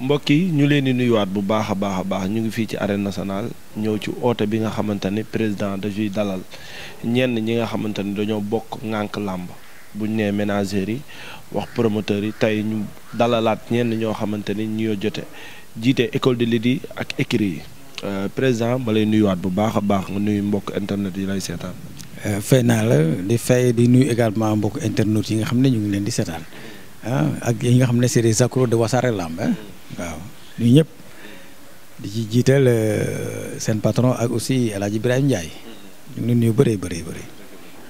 mbokk yi ñu leen di nuyuwaat bu baax a baax a baax ñu ngi fii ci arène nationale ñëw ci oote bi nga xamante ne président dajuy dalal ñenn ñi nga xamante ne dañoo bokk ŋànk làmb buñ nee ménagères yi wax promoteurs yi tey ñu dalalaat ñenn ñoo xamante ni ñoo jote jiite école de lutte yi ak écurie yi euh, président ma lay nuyuwaat bu baax a baax nga nuyu mbokk internet yi lay seetaan. Euh, fay naa la di fay di nuyu également mbokk internet yi nga xam ne ñu ngi leen di seetaan ah ak yi nga xam ne c'est des accros de Wassare Lamb waaw nuyu ñëpp di ci jiital euh, seen patron ak aussi El Hadj Ibrahima Ndiaye. Mm-hmm. ñu ngi nuyu bëree bëree bëri.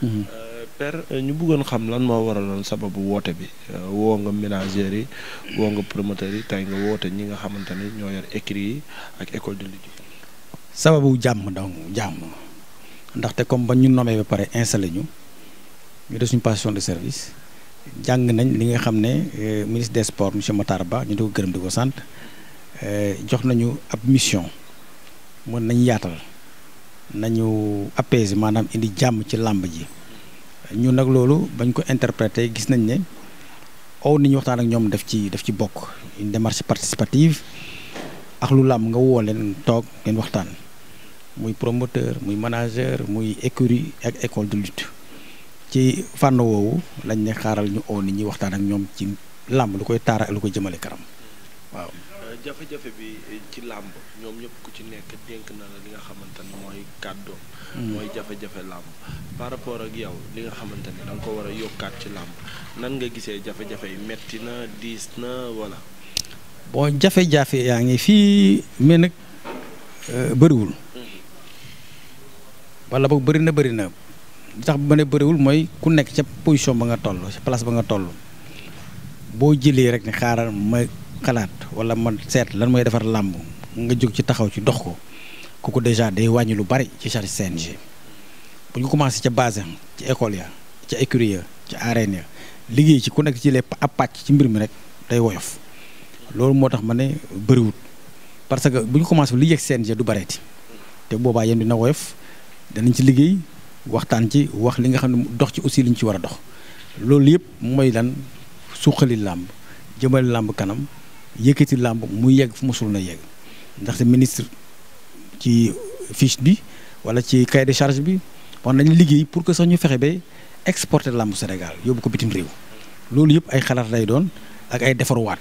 Euh, euh, ñu buggoon xam lan moo waraloon sababu woote bi woo nga ménagères yi woo nga promoteurs yi tey nga woote ñi nga xamante ne ñoo yor écrit yi ak école de lutte sababu jàmm donc jàmm ndaxte comme ba ñu nommé ba pare installé ñu ñu def suñu passation de service. jàng nañ li nga xam ne euh, ministre des sports monsieur Matar Ba ñu di ko gërëm di ko sant euh, jox nañu ab mission mën nañ yaatal nañu apaiser maanaam indi jàmm ci làmb ji ñu nag loolu bañ ko interpréter gis nañ ne ow ni ñu waxtaan ak ñoom def ci daf ci bokk une démarche participative ak làmb nga woo leen toog ngeen waxtaan muy promoteur muy manager muy écurie ak école de lutte ci fànn woowu lañ ne xaaral ñu oo nit ñi waxtaan ak ñoom ci làmb lu koy taara ak lu koy jëmale kanam waaw. Euh, jafe-jafe bi euh, ci làmb ñoom ñëpp ku ci nekk dénk na la li nga xamante ne mooy kàddoom. Hmm. mooy jafe-jafe làmb par rapport ak yow li nga xamante ne da ko war a yokkaat ci làmb nan nga gisee jafe-jafe yi metti na diis na wala. boo jafe-jafe yaa ngi fii mais nag euh, bëriwul. Hmm. wala boog bëri na bëri na. li tax bu ma ne bëriwul mooy ku nekk ca position ba nga toll ca place ba nga tollu boo jëlee rek ne xaaral ma xalaat wala man seet lan mooy defar làmb nga jóg ci taxaw ci dox ko kooku déjà de wàññi lu bari ci charge CNG bu ñu commencé ca base ci école ya ca écurie ya ci arène ya liggéey ci ku nekk ci les ab pàcc ci mbir mi rek day woyof loolu moo tax ma ne bëriwut parce que bu ñu commencé li yegg CNG du bareeti te boobaa yéen na woyof danañ ci liggéey. waxtaan ci wax li nga xam ne dox ci aussi li ñu ci war a dox loolu yëpp mooy lan suqali làmb jëmale làmb kanam yëkkati làmb mu yegg fu musul na yegg ndaxte ministre ci fiche bi wala ci cahier de charge bi wax nañ liggéey pour que sax ñu fexe ba exporte làmb Sénégal yóbbu ko bitim réew loolu yëpp ay xalaat lay doon ak ay defarwaat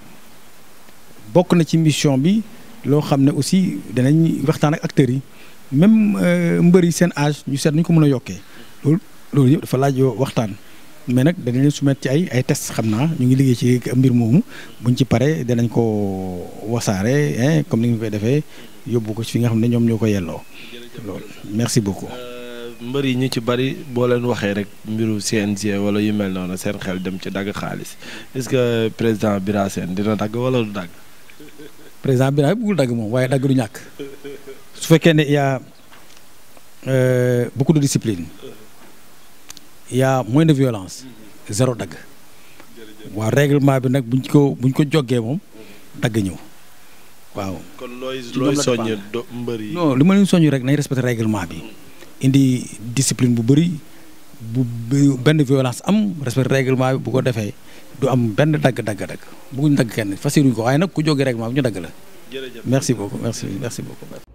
bokk na ci mission bi. loo xam ne aussi danañ waxtaan ak acteurs yi même euh, mbër yi seen âge ñu seet ñu ko mën a yokkee loolu loolu yëpp dafa laaj waxtaan mais nag danañ leen soumettre ci ay ay tests xam naa ñu ngi liggéey ci mbir moomu buñ ci paree danañ ko wasaare comme ni nga koy defee yóbbu ko ci fi nga xam ne ñoom ñoo ko yelloo loolu merci beaucoup. Euh, mbër yi ñu ci bari boo leen waxee rek mbiru CNG wala yu mel noonu seen xel dem ci dagg xaalis est-ce que président Bira Sène dina dagg wala du dagg. président bi daal bëggul dagg moom waaye dagg du ñàkk su fekkee ne yaa a euh, beaucoup de discipline yaa a moins de violence zéro dagg waaw réglement bi nag buñ ko buñ ko joggee moom dagg ñëw waaw. kon looy looy soññ do mbër yi. non li ma leen soññ rek nañ respecté réglement bi indi discipline bu bëri. bu benn violence am respect règlement bi bu ko defee du am benn dagg dagg dagg bëgguñ dagg kenn fasiruñ ko waaye nag ku jógee règlement bi ñu dagg la. jërëjëf merci beaucoup merci merci beaucoup.